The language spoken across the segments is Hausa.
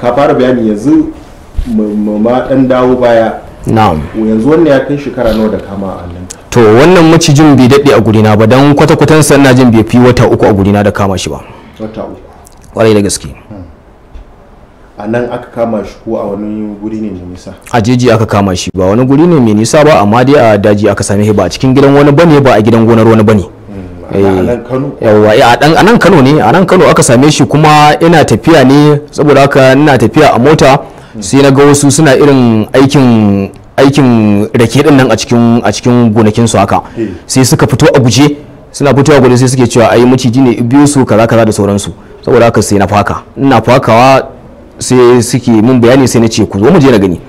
ka fara bayani yanzu ma dan dawo baya na'am yanzu wannan ya kai shekara nawa da kama a nan to wannan macijin bai daɗe a gurina ba don kwata-kwatan na jin bai fi wata uku a gurina da kama shi ba wata uku ƙwarai da gaske hmm. a nan aka kama shi ko a wani guri ne mai nisa a jeji aka kama shi ba wani guri ne mai nisa ba amma dai a daji aka same shi ba a cikin gidan wani bane ba a gidan gonar wani bane Eh, eh, a nan kano ne a nan kano aka same shi kuma ina tafiya ne saboda haka ina tafiya a mota sai na ga wasu suna irin aikin aikin rake din nan a cikin a cikin gonakin su haka eh. sai suka fito a guje suna fitowa guje sai suke cewa ai maciji ne biyu su kaza kaza da sauransu saboda haka sai na faka ina fakawa sai suke mun bayani sai na ce ku zo mu je na gani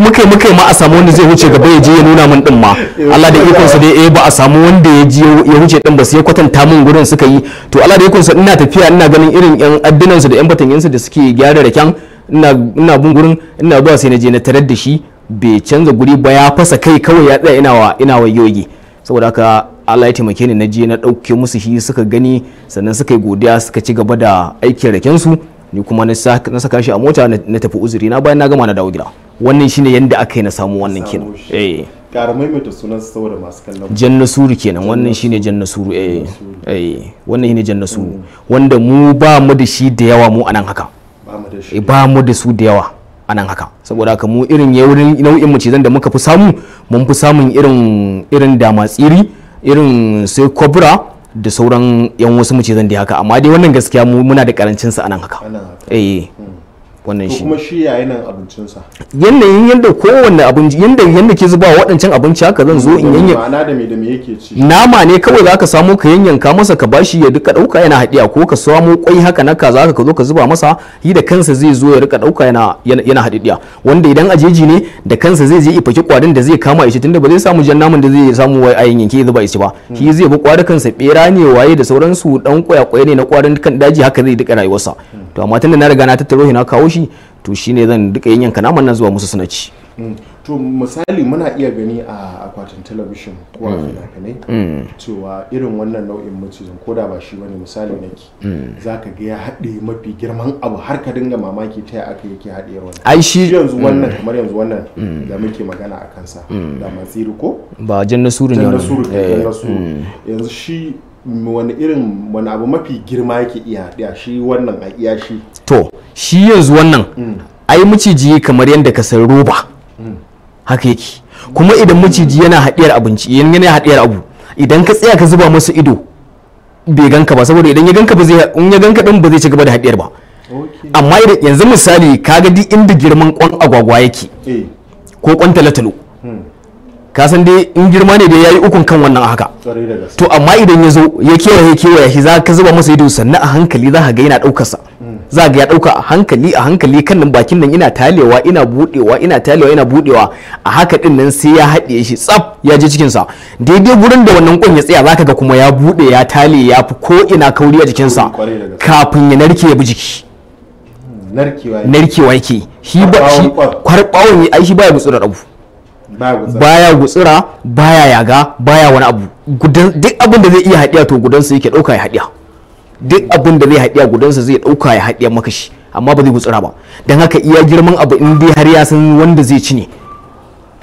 muke muke ma a samu wanda zai wuce gaba ya je ya nuna min din ma Allah da ikon sa dai eh ba a samu wanda ya je ya wuce din ba sai kwatanta min gurin suka yi to Allah da ikon sa ina tafiya ina ganin irin yan addinan su da yan batanyen su da suke gyara raken ina ina bin gurin ina zuwa sai na je na tarar da shi bai canza guri ba ya fasa kai kawai ya tsaya ina wa ina wa yogi saboda haka Allah ya taimake ni na je na dauke musu shi suka gani sannan suka yi godiya suka ci gaba da aikin raken su ni kuma na saka shi a mota na tafi uzuri na bayan na gama na dawo gida wannan shine yanda aka yi na samu wannan kenan eh mai mai sunan saboda masu kallon janna suru kenan wannan shine janna suru eh eh wannan shine janna mm. wanda mu ba mu da shi da yawa mu anan haka eh, ba mu da su da yawa anan haka saboda haka mu irin yaurin nau'in mu ce zan da muka fi samu mun fi samun irin irin damatsiri irin sai kobra da sauran yan wasu mu ce zan da haka amma dai wannan gaskiya mu muna da karancin sa anan haka eh mm. wannan shi kuma shi ya nan abincinsa yin yadda kowanne abinci yadda yadda ke zuba waɗancan abinci haka zan zo in yanyan ma'ana da me da me yake ci nama ne kawai za ka samu ka yanyanka masa ka bashi ya duka dauka yana haɗiya ko ka samu kwai haka na kaza ka zo ka zuba masa yi da kansa zai zo ya duka dauka yana yana wanda idan ajeji ne da kansa zai je ifaki kwarin da zai kama shi tunda ba zai samu jan naman da zai samu wai a yanyanke zuba shi ba shi zai bi kwarin kansa bera ne waye da sauransu dan kwaya kwaya ne na kwarin kan daji haka zai duka rayuwarsa to amma tunda na riga na tattaro shi na kawo shi to shine zan duka yin yanka naman nan zuwa musu suna ci mm. to misali muna iya gani a akwatin television ko a mm. fina-finai mm. cewa irin wannan nau'in mutum ko da ba shi wani misali nake za ka ga ya haɗe mafi girman abu har ka dinga mamaki ta aka yake haɗe wannan ai shi yanzu wannan kamar yanzu wannan da muke magana a kansa da matsiri ko ba jan nasuru ne jan nasuru eh, yanzu shi wani irin wani abu mafi girma yake iya haɗiya shi wannan a iya shi to shi yanzu wannan mm. ai maciji kamar yadda ka san roba mm. haka yake kuma idan maciji yana haɗiyar abinci yana haɗiyar abu idan ka tsaya ka zuba masa ido bai ganka ba saboda idan ya ganka ba zai in ya ganka din ba zai ci gaba da haɗiyar ba amma yanzu misali kaga duk inda girman kwan agwagwa yake eh. ko kwan talatalo ka san dai in girma ne dai yayi ukun kan wannan haka to amma idan ya zo ya kewaye kewaye shi za ka zuba masa ido sannan a hankali za ka ga yana daukar sa hmm. za ga ya dauka a hankali a hankali kan nan bakin nan ina talewa ina budewa ina talewa ina budewa a haka din nan sai ya haɗe shi tsaf ya je cikin sa daidai gurin da wannan kun ya tsaya zaka ga kuma ya bude ya tale ya fi ko ina kauri a jikin sa kafin ya narke ya bi jiki hmm, narkewa yake shi ba shi kwarbawo ne ai shi ba ya gutsu da rabu baya gutsira baya yaga baya wani abu duk abin da zai iya haɗiya to gudansa yake ɗauka ya haɗiya duk abin da zai haɗiya gudansa zai ɗauka ya haɗiya makashi amma ba zai gutsira ba don haka iya girman abu in dai har ya san wanda zai ci ne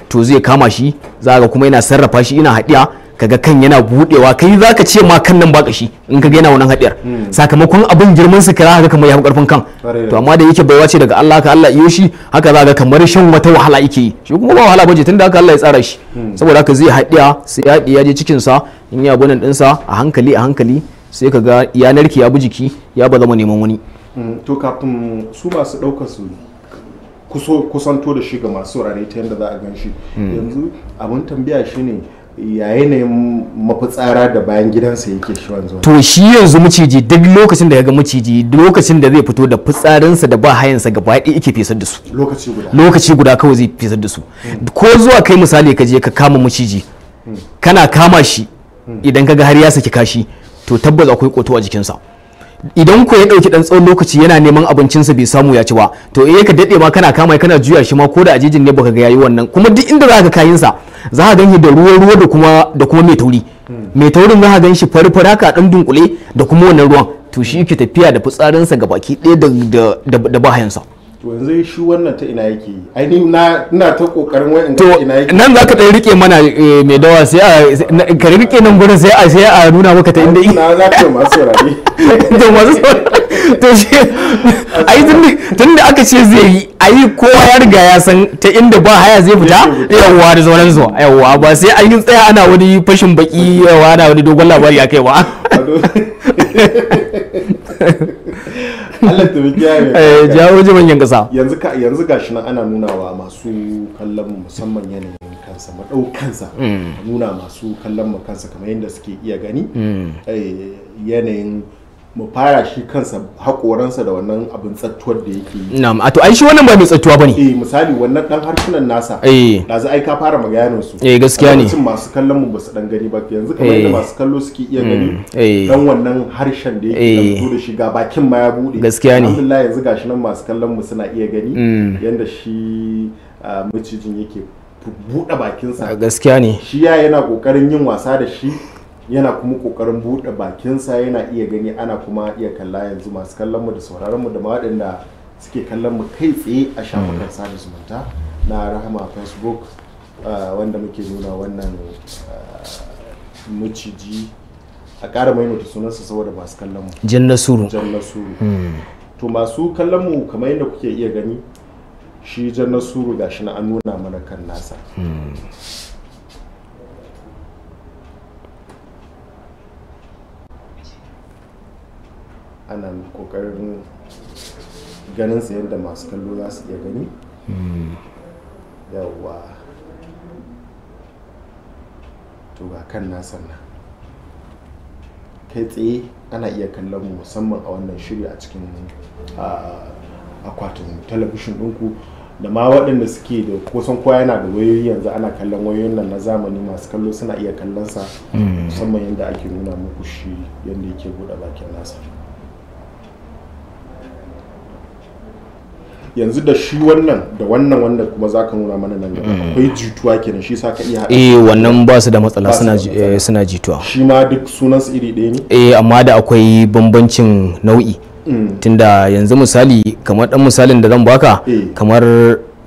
to zai kama shi za ga kuma yana sarrafa shi ina haɗiya kaga kan yana budewa kai zaka ce ma kan nan ba kashi in kaga yana wannan hadiyar hmm. sakamakon abin girman su kira haka kamar ya fi karfin kan to amma da yake baiwa ce daga Allah ka Allah iyo shi haka za ga kamar shan wata wahala yake yi shi kuma ba wahala bace tunda haka Allah ya tsara shi hmm. saboda haka zai hadiya sai ya hadiya je cikin sa in ya bunan din sa a hankali a hankali sai kaga ya narki ya bi jiki ya ba zama neman wani hmm. to kafin su masu daukar su kusanto da shi ga masu rarai ta yadda za a gan shi yanzu abin tambaya shine ya yanayin mafitsara da bayan gidansa yake shi wanzu to shi yanzu maciji duk lokacin da ya ga maciji lokacin da zai fito da fitsarinsa da hayansa gaba ɗaya yake fesar da su lokaci guda lokaci guda kawai zai fesar da su ko zuwa kai misali ka je ka kama maciji kana kama shi idan ka ga har ya saki kashi to tabbas akwai koto a jikinsa idan ko ya dauki dan tsawon lokaci yana neman abincinsa bai samu ya ci ba to eh ka dade ma kana kama kana juya shi ma ko da ajijin ne baka ga yayi wannan kuma duk inda ka kayan sa za a shi da ruwa ruwa da kuma da kuma mai tauri mai taurin za a ganshi fari fari haka dan dunkule da kuma wannan ruwan to shi yake tafiya da fitsarinsa ga baki ɗaya da da bahayansa to yanzu shi wannan ta ina yake ai ni na ina ta kokarin wayan ta ina yake nan za ka dai rike mana eh, mai dawa sai a ka rike nan gurin sai a sai a nuna maka ta inda ina za ta masu rari to masu to shi tun da aka ce zai yi yi kowa ya riga ya san ta inda ba haya zai fita yawwa da zauren zuwa yawwa ba sai an yi tsaya ana wani fashin baki yawa ana wani dogon labari akai ba Allah ta biya ne. jawo yan kasa. Yanzu ka yanzu gashi nan ana nunawa masu kallon musamman yanayin kansa madaukansa. Mm. Nuna masu kallon mu kansa kamar yadda suke iya gani. Mm. Eh, yanayin mu fara shi kansa haƙoransa da wannan abin tsattuwar da yake yi. Na'am, a to ai shi wannan ba mai tsattuwa bane. Eh, misali wannan dan harsunan nasa. Eh. Da za ai ka fara magayanin su. Eh, gaskiya ne. Mutum masu kallon mu ba su dan gani ba yanzu kamar yadda eh. masu kallo suke iya gani. Mm, eh. Dan wannan harshen da yake da eh. da shi ga bakin ma ya bude. Gaskiya ne. Alhamdulillah yanzu gashi nan masu kallon mu suna iya gani mm. yanda shi ah, macijin yake buɗe bakinsa. Gaskiya ne. Shi ya yana kokarin yin wasa da shi. yana kuma kokarin buɗe sa yana iya gani ana kuma iya kalla yanzu masu kallon mu da sauraron mu da waɗanda suke kallon mu kai tsaye a shafukan hmm. sada zumunta na rahama facebook ah, wanda muke nuna wannan ah, maciji a ƙara mutu sunansa saboda masu kallon mu jan nasuru jan nasuru hmm. to masu kallon mu kamar yadda kuke iya gani shi jan nasuru gashi na an nuna mana kan nasa hmm. ana kokarin ganin sa yadda masu kallo za su iya gani hmm. yawwa to ga kan nasan nan kai tsaye ana iya kallon mu musamman a wannan shiri a cikin akwatin talabishin ɗinku da ma waɗanda suke da kusan kowa yana da wayoyi yanzu ana kallon wayoyin nan na zamani masu kallo suna iya kallon sa hmm. musamman yadda ake nuna muku shi yadda yake buɗe bakin nasa yanzu da shi wannan da wannan wanda kuma za ka nuna mana nan gaba mm. akwai jituwa kenan shi sa ka iya haɗa eh wannan ba su da matsala eh, suna jituwa shi ma duk sunan su iri ɗaya ne eh amma da akwai bambancin nau'i mm. tunda yanzu misali kamar dan misalin da zan baka eh. kamar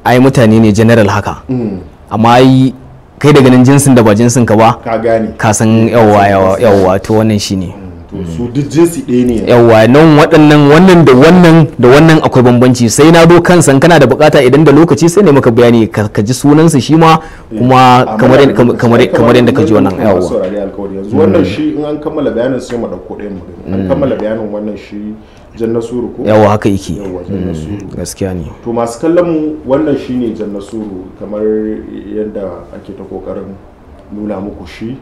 ai mutane ne general haka mm. amma ai kai da ganin jinsin da ba jinsin ka ba ka gane ka san yawa yawa to wannan shine to hmm. su duk jinsi ɗaya ne yawa nan waɗannan wannan da wannan da wannan akwai bambanci sai na do kansa kana da bukata idan da lokaci sai ne maka bayani ka ji sunansa shi ma kuma eh, kamar kamar kamar yadda ka ji wannan yawa yanzu wannan hmm. shi in an kammala bayanin sai mu ɗauko ɗayan mu an hmm. kammala bayanin wannan shi nasuru ko yawa haka yake gaskiya ne to masu kallon mu wannan shine nasuru kamar yadda ake ta kokarin nuna muku shi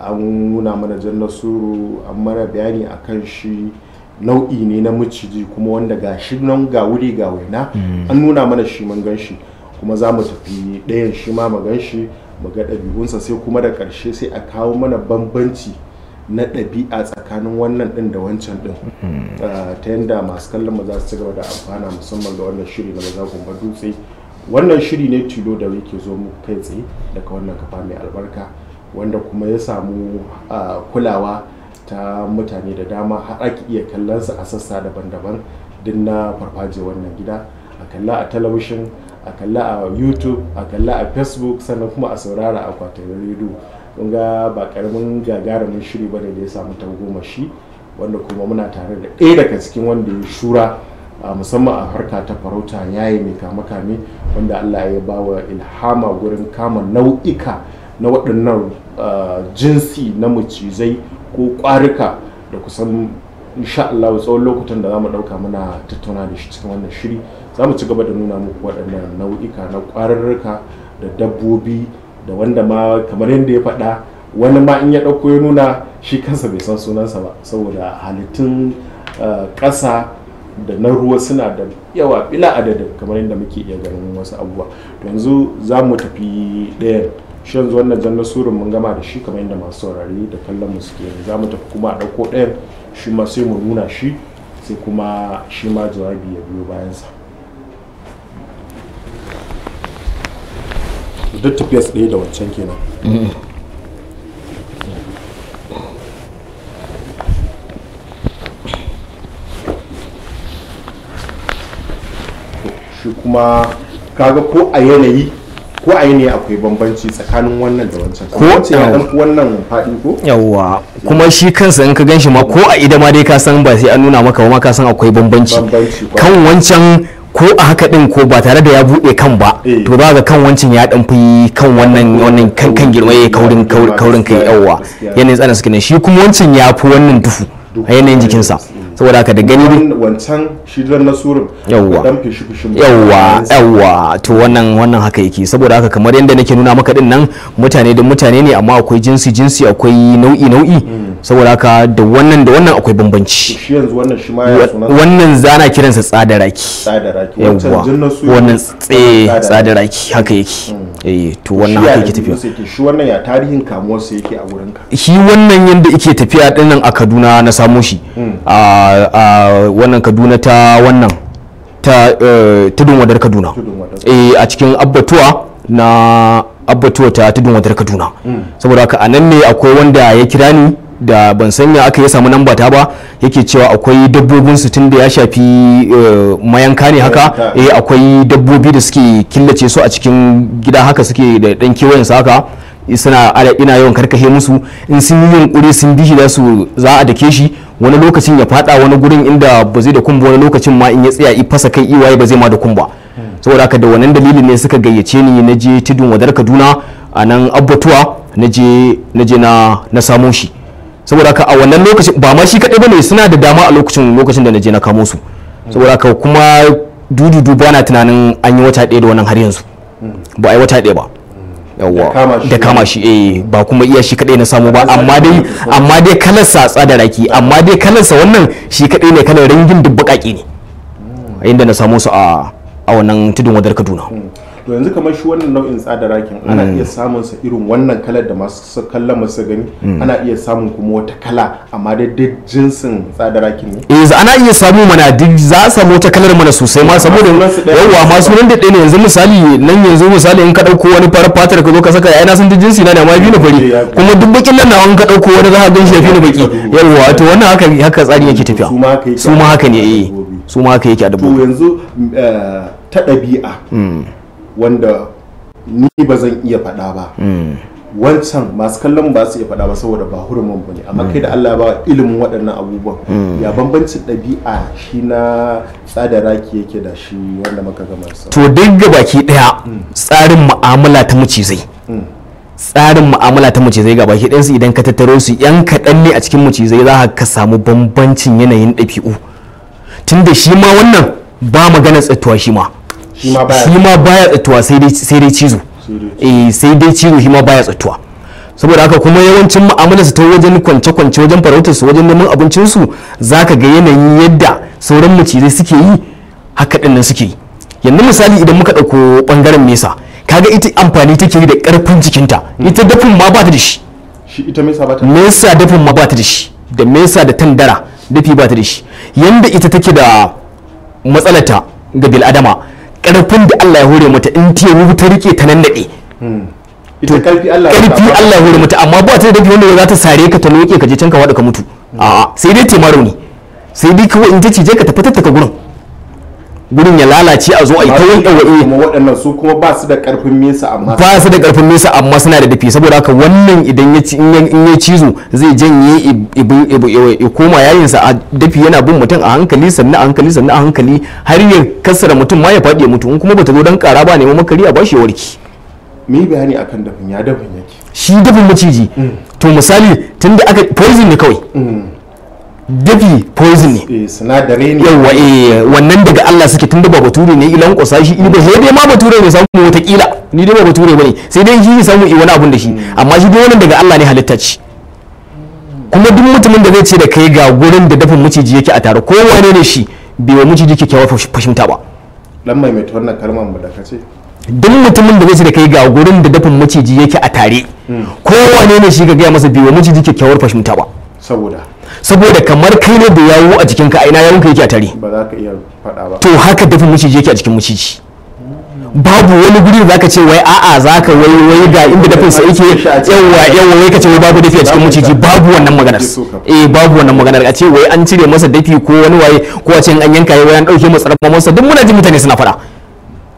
an nuna mana jan nasuru an mana bayani a kan shi nau'i ne na miciji kuma wanda ga shi nan ga wuri ga waina hmm. an nuna mana shi mun gan shi kuma za mu tafi ɗayan shi ma mu gan shi mu ga ɗabi'unsa sai kuma da ƙarshe sai a kawo mana bambanci na ɗabi'a tsakanin wannan ɗin da wancan ɗin hmm. ah, ta yadda masu kallon mu za su ci gaba da amfana musamman ga wannan shiri na maza gumba dutse wannan shiri ne tilo da yake zo mu kai tsaye daga wannan kafa mai albarka wanda kuma ya samu kulawa ta mutane da dama har ake iya kallonsa a sassa daban-daban din na farfaje wannan gida a kalla a talabishin a kalla a youtube a kalla a facebook sannan kuma a saurara a akwatin rediyo kun ga ba karamin gagarumin shiri ba da ya samu ta goma shi wanda kuma muna tare da ɗaya daga cikin wanda ya shura a musamman a harka ta farauta yayi mai kame-kame wanda allah ya bawa ilhama gurin kama nau'ika na waɗannan ah, jinsi na macizai ko ƙwarika da kusan insha Allah tsawon lokutan da za mu ɗauka muna tattauna da shi cikin wannan shiri za mu ci gaba da nuna muku waɗannan nau'ika na ƙwararruka da dabbobi da wanda ma kamar yadda ya faɗa wani ma in ya ɗauko ya nuna shi kansa bai san sunansa ba saboda halittun ah, ƙasa da na ruwa suna da yawa bila adadin kamar yadda muke iya ganin wasu abubuwa yanzu za mu tafi ɗayan shi yanzu wannan janna surun mun gama da shi kamar yadda masu saurari da kallon mu suke za mu tafi kuma a ɗauko ɗayan shi ma sai mu nuna shi sai kuma shi ma jawabi ya biyo bayansa duk tafiyar ɗaya da wancan kenan shi kuma kaga ko a yanayi ko a ne akwai bambanci tsakanin wannan da wancan ko wancan ya dan wannan fadi ko yawa kuma shi kansa in ka ganshi ma ko a ida ma dai ka san ba sai an nuna maka ba ma ka san akwai bambanci kan wancan ko a haka din ko ba tare da ya bude kan ba eh. to za ga kan wancan ya dan fi kan wannan wannan kan kan girma ya eh, kaurin kaurin kai yawa yanayin tsarin suke ne shi kuma wancan ya fi wannan dufu a yanayin jikinsa saboda ka da gani ne wancan shi dan yawwa yawwa yawwa to wannan wannan haka yake saboda haka kamar yadda nake nuna maka din nan mutane da mutane ne amma akwai jinsi jinsi akwai nau'i nau'i mm. saboda haka da wannan da wannan akwai bambanci wannan zana kiransa tsadaraki yawwa wannan tsaye tsadaraki haka yake hmm. eh to wannan haka yake tafiya shi wannan ya tarihin kamuwar sa yake a gurin ka shi wannan yanda yake tafiya dinnan a Kaduna na samu shi hmm. a a wannan Kaduna ta wannan ta eh, tudun wadar Kaduna eh a cikin abbatuwa na abbatuwa ta tudun wadar kaduna hmm. saboda haka anan nan ne akwai wanda ya kira ni da ban san sanya aka ya samu namba ta ba yake cewa akwai dabbobin su tunda ya shafi eh, mayanka ne haka eh akwai dabbobi da suke killace su a cikin gida haka suke da dan kewayen su haka suna ina yawan karkashe musu in sun yi yunkuri sun bi da su za a dake shi wani lokacin ya fada wani gurin inda ba zai da kumba wani lokacin ma in ya tsaya i fasa kai iwaye ba zai ma da kumba saboda haka da wannan dalilin ne suka gayyace ni na je tudun wadar kaduna a nan abbatuwa na je na na samo shi saboda haka a wannan lokacin ba ma shi kaɗai bane suna da dama a lokacin lokacin da naje na kamo su saboda haka kuma dudu ba na tunanin an yi wata ɗaya da wannan har yanzu ba a yi wata ɗaya ba yawwa da kama shi eh ba kuma iya shi kadai na samu ba amma dai amma dai kalar sa tsada raki amma dai kalar sa wannan shi kadai ne kalar rangin dubbakaki ne inda na samu su a a wannan tudun wadar Kaduna hmm. to yanzu kamar shi wannan nau'in tsada rakin ana mm. iya samun sa irin wannan kalar da masu kallon masu gani mm. ana iya samun kuma wata kala amma da duk jinsin rakin ne eh ana iya samu mana duk za a samu wata kalar mana sosai ma saboda yawa masu nan da ne yanzu misali nan yanzu misali in ka dauko wani farar fatar ka zo ka saka ai na san duk jinsi na ne amma biyu na fari eh, kuma duk bakin nan nawa in ka dauko wani za ka gan shi fi na baki yawa to wannan haka haka tsari yake tafiya su ma haka ne eh su ma haka yake a dabbobi to yanzu eh, ta ɗabi'a mm. wanda ni ba zan iya faɗa ba hmm. wancan masu kallon ba su iya faɗa ba saboda ba hurumin ba ne amma kai da hmm. Allah ya ba ilimin waɗannan abubuwan hmm. ya bambancin ɗabi'a shi na tsada raki yake da shi wanda muka gama sa to duk gabaki daya tsarin mu'amala ta zai tsarin mu'amala ta zai ga baki ɗayansu idan ka tattaro su yan kaɗan ne a cikin zai za ka samu bambancin yanayin ɗabi'u tunda shi ma wannan ba magana tsattuwa shi ma shima baya tsatuwa sai dai cizo eh sai dai cizo shima baya tsatuwa saboda haka kuma yawancin su ta wajen kwance-kwance wajen farautar su wajen neman abincinsu za ka ga yanayin yadda sauran macizai suke yi haka ɗin suke yi yanzu misali idan muka ɗauko ɓangaren mesa kaga ita amfani take yi da ƙarfin jikinta hmm. ita dafin ma ba ta da shi mesa dafin ma ba ta da shi da mesa da tandara dafi ba ta da shi yanda ita take da matsalata ga adama. karfin da Allah ya hore mata in ta yi ta rike ta nan daɗe hmm. ita karfi Allah ya hore mata amma ba ta da dafi wanda za ta sare ka ta loke ka je can ka wada ka mutu hmm. a'a sai dai ta maro ne sai dai kawai in ta ce je ka tafi ta gurin gurin ya lalace a zo a yi ta yin ɗawa'i waɗannan su kuma ba su da ƙarfin mesa amma ba su da ƙarfin mesa amma suna da dafi saboda haka wannan idan ya in ya cizo zai janye ya koma yayinsa a dafi yana bin mutum a hankali sannan a hankali sannan a hankali har ya kassara mutum ma ya faɗi ya mutu in kuma bata zo dan ƙara ba neman makari a bashi ya warki me bayani akan dafin ya dafin yake shi dafin maciji mm. to misali tunda aka poison ne kawai mm. dafi poison ne eh, sinadare ne yawa eh wannan daga Allah suke tunda ba bature ne ilan kusa shi ba sai dai ma bature ne samu wata kila ni dai ba bature bane sai dai shi samu i wani abun da shi hmm. amma shi dai wannan daga Allah ne halitta ce kuma duk mutumin da zai ce da kai ga gurin da dafin miciji yake a tare ko wane ne shi bai wa miciji kyakkyawar fashimta ba dan mai mai wannan kalmar mu da ce. duk mutumin da zai ce da kai ga gurin da dafin muciji yake a tare hmm. kowane ne shi ga gaya masa wa biyu yake kyakkyawar fashimta ba saboda saboda kamar kai ne da yawo a jikinka a ina yawon ka yake a tare ba za ka iya faɗa ba to haka dafin maciji yake a jikin maciji babu wani guri da zaka ce wai a'a zaka wai wai ga inda dafin sa yake yawa yawa wai kace wai babu dafi a cikin maciji babu wannan maganar eh babu wannan maganar a ce wai an cire masa dafi ko wani waye ko a ce an yanka wai an dauke masa rabba masa duk muna jin mutane suna faɗa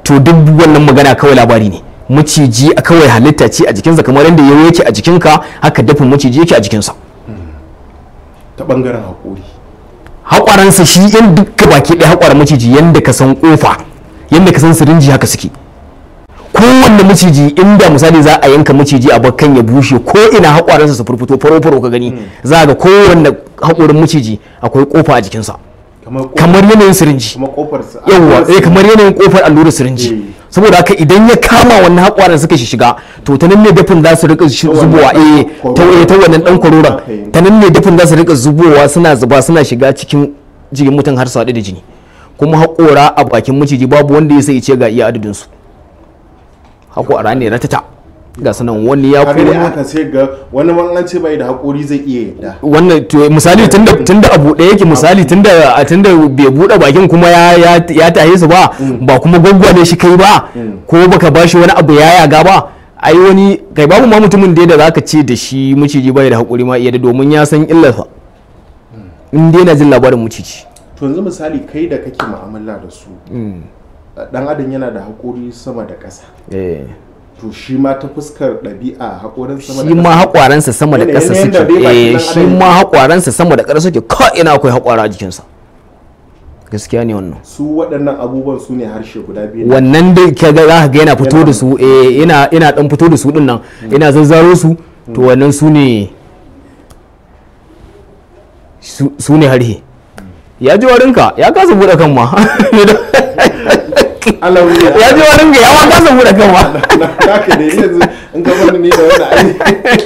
to duk wannan magana kawai labari ne muciji a kawai halitta ce a jikinsa kamar yadda yawo yake a jikinka haka dafin muciji yake a jikinsa ta bangaren haƙori haƙwaransa shi yan duka baki ɗaya haƙwaran maciji yanda ka san ƙofa yanda ka san sirinji haka suke kowanne maciji inda misali za a yanka maciji a bakkan ya bushe ko ina haƙwaransa su furfuto faro-faro ka gani hmm. za ga kowanne haƙorin maciji akwai ƙofa a jikinsa kamar yanayin sirinji yawwa eh, kamar yanayin ƙofar allurar sirinji eh. saboda haka idan ya kama wannan haƙwaran suka shiga to ta nan ne dafin za su rika zubowa eh ta eh, ta wannan dan kwaroron ta nan ne dafin za su rika zubowa suna zuba suna shiga cikin jikin mutum har su da jini kuma haƙora a bakin maciji babu wanda ya sai ce ga iya adadin su haƙora ne ratata ga sanan wani ya kore a sai ga wani an ce bai da hakuri zai iya yadda wannan to misali eh. tunda tunda abu da yake misali tunda tunda bai bude bakin kuma ya ya tahe su ba mm. ba kuma ne shi kai ba mm. ko baka bashi wani abu ya yaga ba ai wani kai babu ma mutumin da da zaka ce da shi miciji bai da hakuri ma iya da domin ya san illarsa mm. in dai na jin labarin miciji to yanzu misali kai da kake mu'amala da su dan adam yana da hakuri sama da ƙasa eh. to shi ma ta fuskar ɗabi'a haƙorin sama da shi ma haƙwaransa eh, sama da ƙasa suke eh shi ma haƙwaransa sama da ƙasa suke ko ina akwai haƙwara a jikinsa gaskiya ne wannan su waɗannan abubuwan su ne harshe guda biyu wannan da ka ga zaka ga yana fito da su eh ina ina dan fito da su din nan mm. ina zazzaro su mm. to wannan su ne su ne harshe mm. ya ji warinka ya kasa bude kan ma ya ji wani ga yawa kasa bude kanwa ne yanzu in ka da wani ai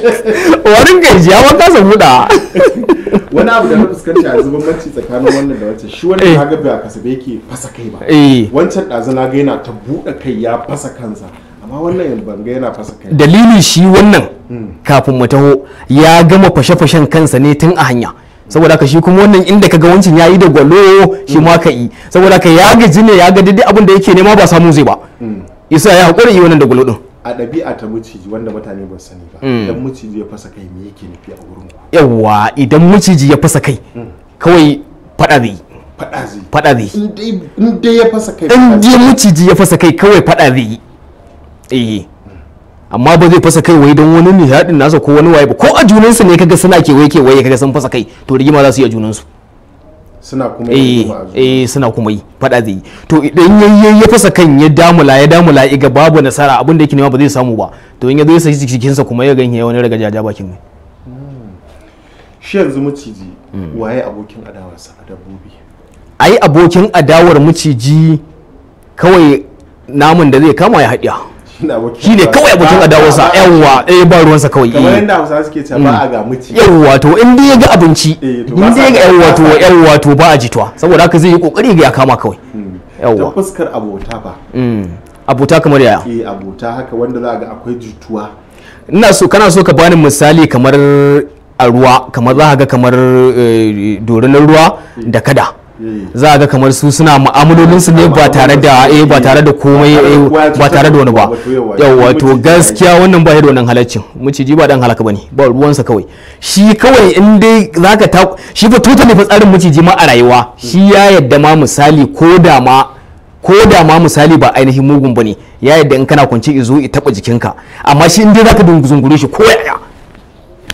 wani ga ji yawa wani abu da na fuskanta yanzu bambanci tsakanin wannan da wancan shi wani ka eh. ga ba kasabe yake fasa kai ba eh. wancan ɗazu na ga yana ta buɗe kai ya fasa kansa amma wannan ban ga yana fasa kai dalilin shi wannan hmm. kafin mu taho ya gama fashe-fashen kansa ne tun a hanya saboda ka shi kuma wannan inda ka ga wancan yayi da gwalo shi ma ka yi saboda ka ya gaji ne ya ga duk abin da yake nema ba samu zai ba isa mm. ya hakuri yi wannan da gwalo din a ɗabi'a ta miciji wanda mutane ba sani ba mm. idan miciji ya fasa kai me yake nufi a wurin ku yawa idan miciji ya fasa kai mm. kawai fada zai fada zai in dai ya fasa kai in dai miciji ya fasa kai kawai fada zai eh amma ba zai fasa kai wai don wani nihadin nasa ko wani waye ba ko a junansu ne kaga suna kewaye kewaye kaga sun fasa kai to rigima za su yi a junansu suna kuma eh, yi eh suna kuma yi fada zai to idan yayye ya fasa kan ya damula ya damula iga babu nasara abin da yake nema ba zai samu ba to in ya zo ya saki sa kuma ya ganye wani raga jaja bakin ne hmm. shi yanzu maciji hmm. waye abokin adawarsa a dabbobi ai abokin adawar maciji kawai namun da zai kama ya haɗiya shine kawai abokin adawarsa yawwa eh ba ruwansa kawai kamar inda hausa suke cewa ba a mm. ga muti yawwa to in dai ya ga abinci eh, in dai ya ga yawwa to yawwa to ba a jituwa saboda haka zai yi kokari ga ya kama kawai mm. yawwa ta fuskar abota ba mm. abota kamar yaya eh abota haka wanda za ga akwai jituwa ina so kana so ka bani misali kamar a ruwa kamar za ga kamar eh, dorinan ruwa da kada za a ga kamar su suna mu'amalolinsu ne ba tare da a eh, ba tare da komai eh, ba tare da wani ba yawa to gaskiya wannan ba da wannan halaccin ji ba dan halaka bane ba ruwansa kawai shi kawai in dai zaka ta shi fa totally fa tsarin ji ma a rayuwa shi ya yadda ma misali ko da ma ko da ma misali ba ainihin mugun bane ya yadda in kana kwance izo i taba jikinka amma shi in dai zaka dunguzungure shi ko ya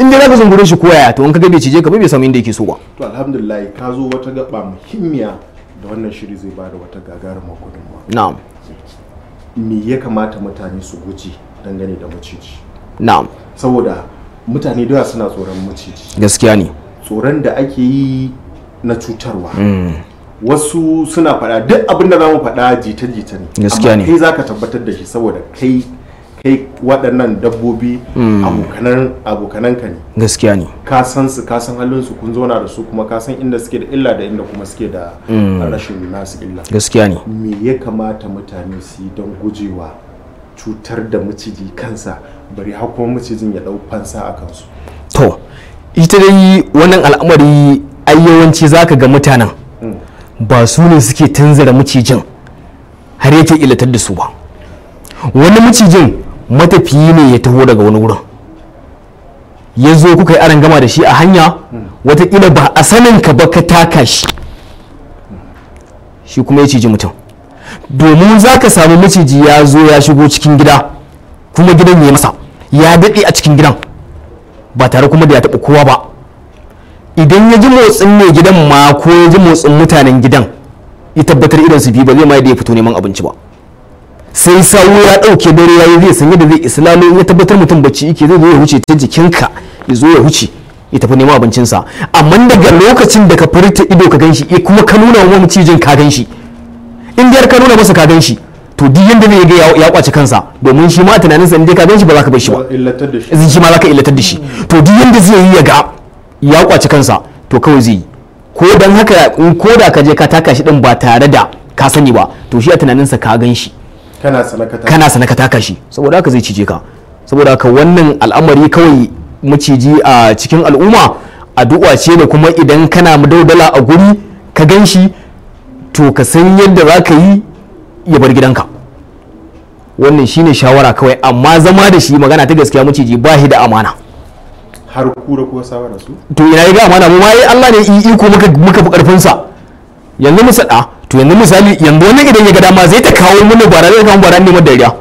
in dai zaka zungure shi koyaya to in ka bai cije ka bai samu inda yake so ba to alhamdulillah ka zo wata gaba muhimmiya da wannan shiri zai ba da wata gagarumar gudunmawa na'am me ya kamata mutane su guji dangane da maciji na'am saboda mutane da suna tsoron maciji gaskiya ne tsoron da ake yi na cutarwa mm. wasu suna faɗa duk abin da za mu faɗa jita-jita ne gaskiya ne kai zaka tabbatar da shi saboda kai kai waɗannan dabbobi hmm. abokanan ka ne gaskiya ne ka san su ka halin su kun zauna da su kuma ka san inda suke da illa da inda kuma suke da hmm. rashin nasu illa gaskiya ne me ya kamata mutane su yi don gujewa cutar da maciji kansa bari har kuma macijin ya ɗau fansa a kansu to ita dai wannan al'amari ai yawanci zaka ga mutanen hmm. ba su ne suke tunzura macijin har yake illatar da su ba wani macijin matafiyi ne ya taho daga wani wurin ya zo kuka yi aran gama da shi a hanya watakila ba a saninka ba ka taka shi shi kuma ya ciji mutum domin za ka samu maciji ya zo ya shigo cikin gida kuma gidan ya masa ya daɗe a cikin gidan ba tare kuma da ya taɓa kowa ba idan ya ji motsin mai gidan ma ko ya ji motsin mutanen gidan ya tabbatar irin su biyu ba zai ma da ya fito neman abinci ba sai sawu ya dauke dare yayi zai sanya da zai islamu in ya tabbatar mutum bacci yake zai zo ya huce ta jikinka ya zo ya huce ya tafi neman abincinsa amma daga lokacin da ka furta ido ka ganshi eh kuma ka nuna wa macijin ka ganshi in biyar ka nuna masa ka ganshi to duk yanda zai ga ya kwace kansa domin shi ma tunaninsa in dai ka ganshi ba za ka bar shi ba shi ma za ka illatar da shi to duk yanda zai yi ya ga ya kwace kansa to kawai zai yi ko dan haka in ko da ka je ka taka shi din ba tare da ka sani ba to shi a tunaninsa ka ganshi. kana sanaka ka taka shi saboda haka zai cije ka saboda haka wannan al'amari kawai maciji a cikin al'umma addu'a ce ne kuma idan kana daudala a guri ka gan shi to ka san yadda za ka yi ya bar gidanka wannan shine shawara kawai amma zama da shi magana ta gaskiya maciji ba shi da amana har kura kuwa saba da su to ina yi ga amana mu ma eh, Allah ne iko muka muka fi karfin sa yanzu mu sada to yanzu misali yanzu wani idan ya ga dama zai ta kawo mana gwara zai kawo gwara ne madariya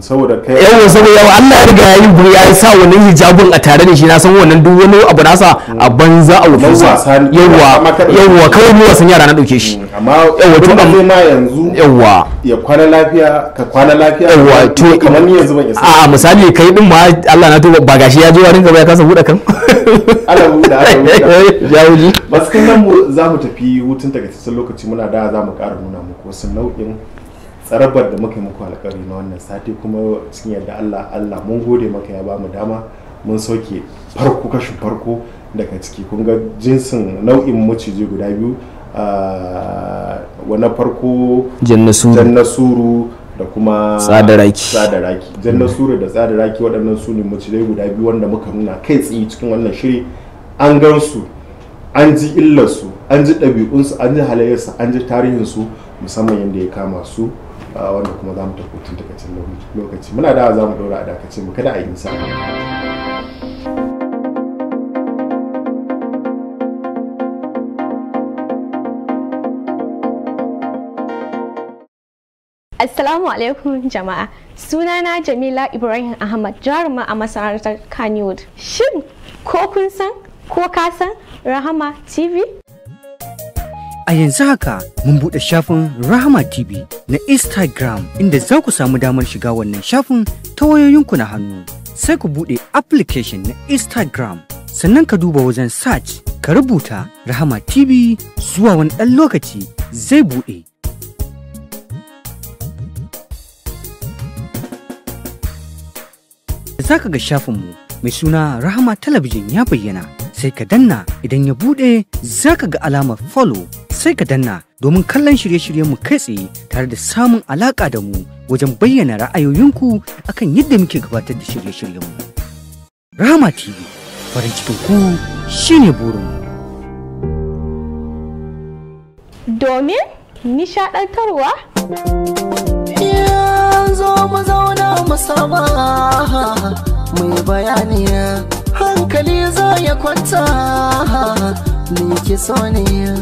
saboda kai yawa saboda yawa Allah ya riga yayi guri ya sa wannan hijabun a tare da shi na san wannan duk wani abu nasa a banza a wufinsa yawa yawa kawai mu wasan yara na dauke shi mm, amma yawa tun da ma yanzu yawa ya kwana lafiya ka kwana lafiya yawa to kamar ni yanzu ban isa a misali kai din ma Allah na tuba ba gashi ya zo warin gaba ya kasa buɗe kan Allah mu da ya wuji bas kin nan mu za mu tafi hutun daga cikin lokaci muna da za mu ƙara nuna muku wasu nau'in tsarabar da muka yi muku alƙawari na wannan sati kuma cikin yadda Allah Allah mun gode maka ya ba mu dama mun sauke farko kashin farko daga ciki kun ga jinsin nau'in maciji guda biyu wani ah, farko jannasuru da kuma tsadaraki tsadaraki mm. jannasuru da tsadaraki waɗannan su ne macijai guda biyu wanda muka nuna kai tsaye cikin wannan shiri an gan su an ji illarsu an ji ɗabi'unsu an ji halayyarsu an ji tarihinsu musamman yadda ya kama su wanda kuma za mu tafi hutun takaicin lokaci muna da za mu daura a dakace mu kada a yi nisa Assalamu alaikum jama'a sunana Jamila Ibrahim Ahmad jaruma a masarautar Kannywood. Shin ko kun san ko ka san Rahama TV A yanzu haka mun buɗe shafin Rahama TV na Instagram inda za ku samu damar shiga wannan shafin ta wayoyinku na hannu. Sai ku buɗe application na Instagram sannan ka duba wajen search ka rubuta Rahama TV zuwa wani ɗan lokaci zai buɗe. Za ka ga shafinmu mai suna Rahama Talabijin ya bayyana. sai ka danna idan ya buɗe za ka ga alamar follow sai ka danna domin kallon shirye shiryen mu kai tsaye tare da samun alaƙa da mu wajen bayyana ra'ayoyinku akan yadda muke gabatar da shirye mu Rama TV farin cikin ku shine mu. Domin nishaɗantarwa. Yanzu mu zauna mu sama mai bayani hankali za ya kwanta ni ke so ne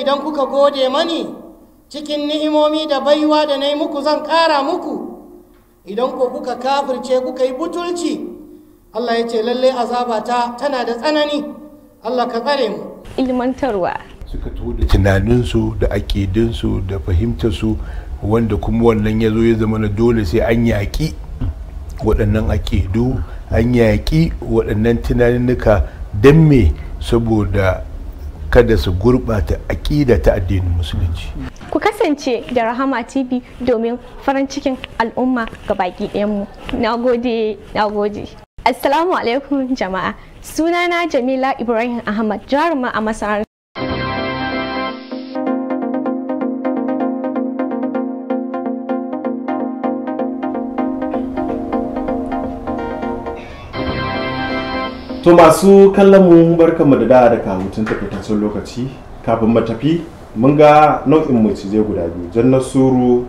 idan kuka gode mani cikin ni'imomi da baiwa da na muku zan ƙara muku idan ko kuka kafirce kuka yi butulci Allah ya ce lalle ta tana da tsanani Allah ka tsare mu ilmantarwa suka tuda da tunaninsu da aƙidinsu da su wanda kuma wannan ya zo ya zama na dole sai an yaƙi waɗannan aƙidu an yaƙi waɗannan tunaninnika don me saboda kada su gurɓata aƙida ta addinin musulunci ku kasance da rahama tv domin farin cikin al'umma ga baki ɗayanmu na gode na assalamu alaikum jama'a sunana jamila ibrahim ahmad jaruma a masarar to masu kallon mu barkanmu da da da ta takaitaccen lokaci kafin mu tafi mun ga nau'in zai guda biyu jannar suru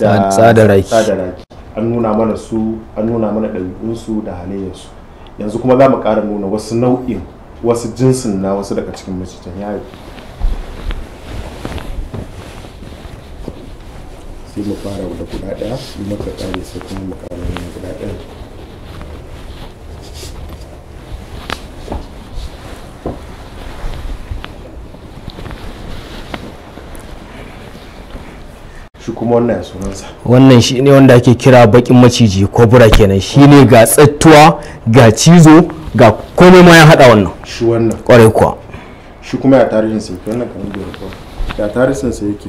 da tsadaraki an nuna mana su an nuna mana ɗabi'unsu da halayyarsu yanzu kuma za mu ƙara nuna wasu nau'in wasu jinsin na wasu daga cikin macizan yayi sai mu fara da guda ɗaya ka ƙare sai kuma mu ƙara guda ɗaya kuma wannan sunansa wannan shi ne wanda ake kira bakin maciji ko bura kenan shi ne ga tsattuwa ga cizo ga komai ma ya hada wannan shi wannan kwarai kuwa shi kuma ya tarihin sai ke wannan kamar da ya tarihin sai yake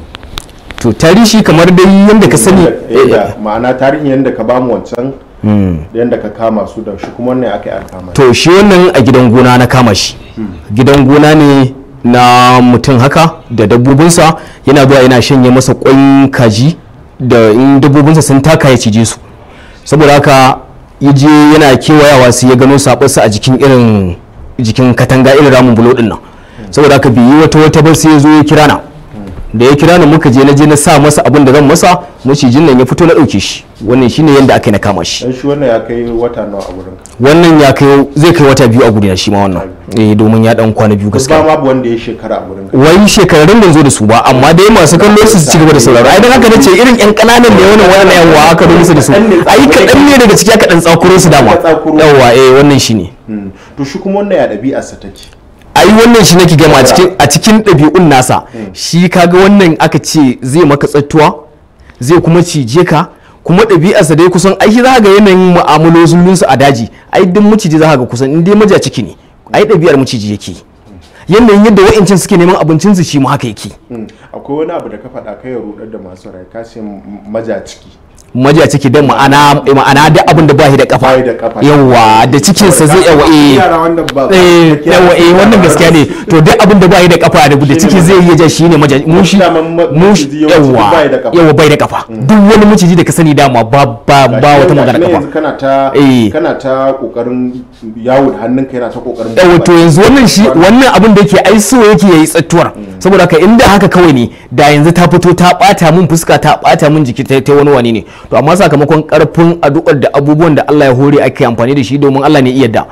to tarihi kamar dai yanda ka sani eh, eh, eh, ma'ana tarihin yanda ka bamu wancan hmm. yadda ka kama su da shi kuma wannan aka yi alkama to shi wannan a gidan gona na kama shi hmm. gidan gona ne na mutum haka da dabbobinsa yana zuwa yana shanye masa kwan kaji da in dabbobinsa sun taka ya cije su saboda haka ya je yana kewayawa sai ya gano sabarsa a jikin irin jikin katanga irin ramin bulo din nan saboda haka biyu wata wata bar sai ya zo ya kira na da ya kira na muka je na je na sa masa abin da zan masa macijin nan ya fito na ɗauke shi wannan shine yadda aka yi na kama shi shi wannan ya kai wata nawa a wurin wannan ya kai zai kai wata biyu a guri na shi ma wannan eh domin ya dan kwana biyu gaskiya babu wanda ya shekara a gurin wai shekarun ban zo da su ba amma dai masu kallo su ci gaba da sauraro ai dan haka nace irin yan kananan da wannan wannan yawa aka rubu su da su ai kadan ne daga ciki ka dan tsakuro su dama yawa eh wannan shine hmm. to shi kuma wannan ya dabi'ar sa take ai wannan shi nake gama a cikin a cikin dabi'un nasa hmm. shi kaga wannan aka ce zai maka tsattuwa zai kuma cije ka kuma ɗabi'arsa dai kusan ai za ga yanayin lunsu a daji ai duk maciji za ga kusan inda dai maja ciki ne ai ɗabi'ar maciji yake yanayin yadda wa'incin suke neman abincin su shi mu haka yake hmm. akwai wani abu da ka faɗa kai ya rudar da masu rai ka ce maja ciki majiya ciki da ma'ana ma'ana da abin da bahi da kafa yawa da cikin sa zai yawa eh, eh yawa eh wannan gaskiya ne to duk abin da bahi da kafa da da ciki zai iya ja shine majiya mu shi mu yawa yawa bai da kafa mm. duk wani maciji da ka sani dama ba ba ba wata magana kafa kana ta eh. kana ta kokarin yawo da hannunka yana ta kokarin yawa to yanzu wannan shi wannan abin da yake ai so yake yayi tsattuwar mm. saboda ka inda haka kawai ne da yanzu ta fito ta bata mun fuska ta bata mun jiki ta ta wani wani ne to amma sakamakon karfin addu'ar da abubuwan da Allah ya hore ake amfani da shi domin Allah ne iya da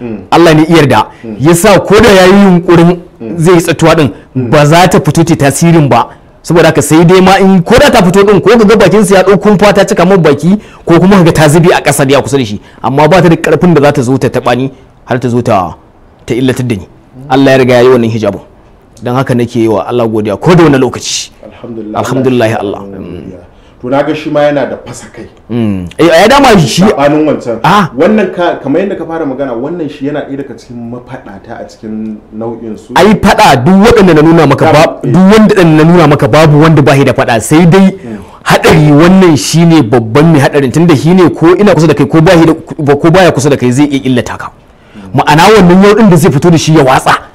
mm. Allah ne iya da yasa mm. ko da yayi yunkurin mm. zai yi tsatuwa din ba za ta fito ta tasirin ba saboda ka sai dai ma in ko da ta fito din ko ga bakin sa ya dau kumfa ta cika mun baki ko kuma ga ta zubi a kasa da ya kusa da shi amma ba ta da karfin da za ta zo ta taba har ta zo ta ta illatar da ni Allah ya riga ya yi wannan hijabin don haka nake yi wa Allah godiya ko da wani lokaci alhamdulillah Allah mm. to na ga shi ma yana da fasa kai mm. eh ya dama shi sabanin wancan ah. wannan kamar yadda ka fara magana wannan shi yana ɗaya daga cikin mafaɗata a cikin nau'in su ai faɗa duk waɗanda na nuna maka ba eh. duk wanda na nuna maka babu wanda ba da faɗa sai dai mm. hadari wannan shine babban mai hadarin tunda shine ko ina kusa da kai ko baya kusa da kai zai iya illata ka ma'ana wannan yau din da zai fito da shi ya watsa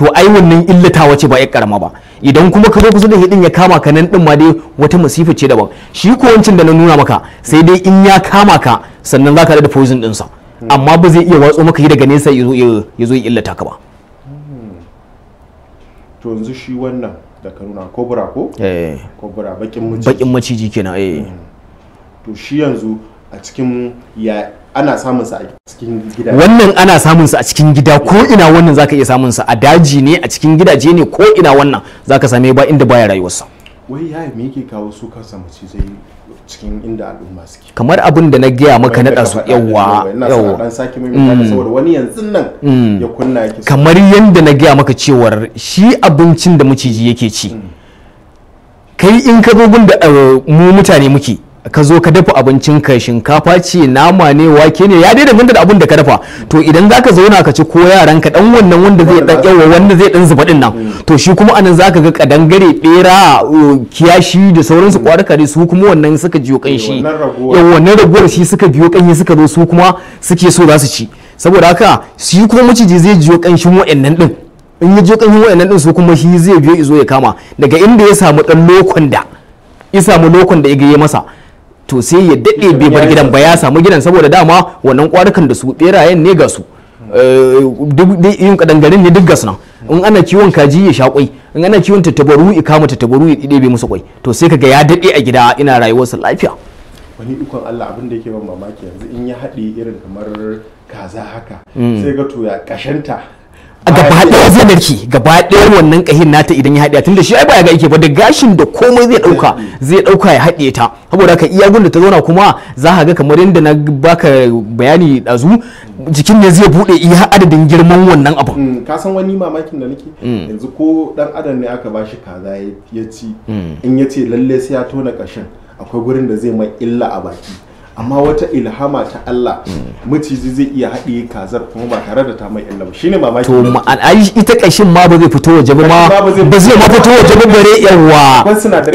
to ai wannan illata wace ba ya karama ba idan kuma ka zo kusa da hidin ya kama ka nan din ma dai wata masifa ce daban shi ko wancin da na nuna maka sai dai in ya kama ka sannan zaka da poison din sa amma ba zai iya watso maka daga nesa ya zo ya illata ka ba hmm. to yanzu shi wannan da ka nuna kobra ko eh kobra bakin maciji bakin maciji kenan eh hmm. to shi yanzu a cikin ya ana samun sa a cikin gida wannan ana samun sa a cikin gida ko ina wannan zaka iya samun sa a daji ne a cikin gidaje ne ko ina wannan zaka same ba inda baya rayuwarsa wai yaya me yake kawo su ka samu ci zai cikin inda al'umma suke kamar abin da na gaya maka na dasu yawa yawa dan saki mai saboda wani yanzu nan mm. ya kunna yake kamar yanda na gaya maka cewar shi abincin da maciji yake ci mm. kai in ka zo gun da eh, mu mutane muke ka zo ka dafa abincin ka shinkafa ce nama ne wake ne ya daidai da abin da ka dafa to idan zaka zauna ka ci ko yaran ka dan wannan wanda zai dan yawa wanda zai dan zuba din nan to shi kuma anan zaka ga gare bera uh, kiyashi da sauransu kwarka ne su kuma wannan suka jiyo kan shi wannan raguwar shi suka biyo kan shi suka zo su kuma suke so za su ci saboda haka shi kuma maciji zai jiyo kan shi wa'annan din in ya jiyo kan shi wa'annan din su kuma shi zai biyo izo ya kama daga inda ya samu dan lokon da ya samu lokon da ya masa to sai ya daɗe bai bar gidan ba ya samu gidan saboda dama wannan kwarukan da su berayen ne ga su eh, yin kadangarin ne duk ga nan in ana kiwon kaji ya sha kwai in ana kiwon tattabaru ya kama tattabaru ya ɗebe musu kwai to sai kaga ya daɗe a gida ina rayuwarsa lafiya wani ikon Allah abin da yake ban mamaki yanzu in ya haɗe irin kamar kaza haka mm. sai ga to ya kashanta gaba ɗaya zai narke gaba ɗaya wannan kahin nata idan ya haɗiya tunda shi ai baya ga yake ba da gashin da komai zai ɗauka zai ɗauka ya haɗiye ta saboda ka iya gun da ta zauna kuma za ka ga kamar yadda na baka bayani ɗazu jikin ne zai buɗe iya adadin girman wannan abu mm, ka san wani mamakin da nake mm. yanzu ko dan adam ne aka bashi kaza ya ci mm. in ya ce lalle sai ya tona kashin akwai gurin da zai mai illa a baki amma wata ilhama ta Allah maciji zai iya haɗe kazar kuma ba tare da ta mai illa ba shine mamaki to ai ita kashin ma ba zai fito waje ba ba zai ma fito waje ba bare yawa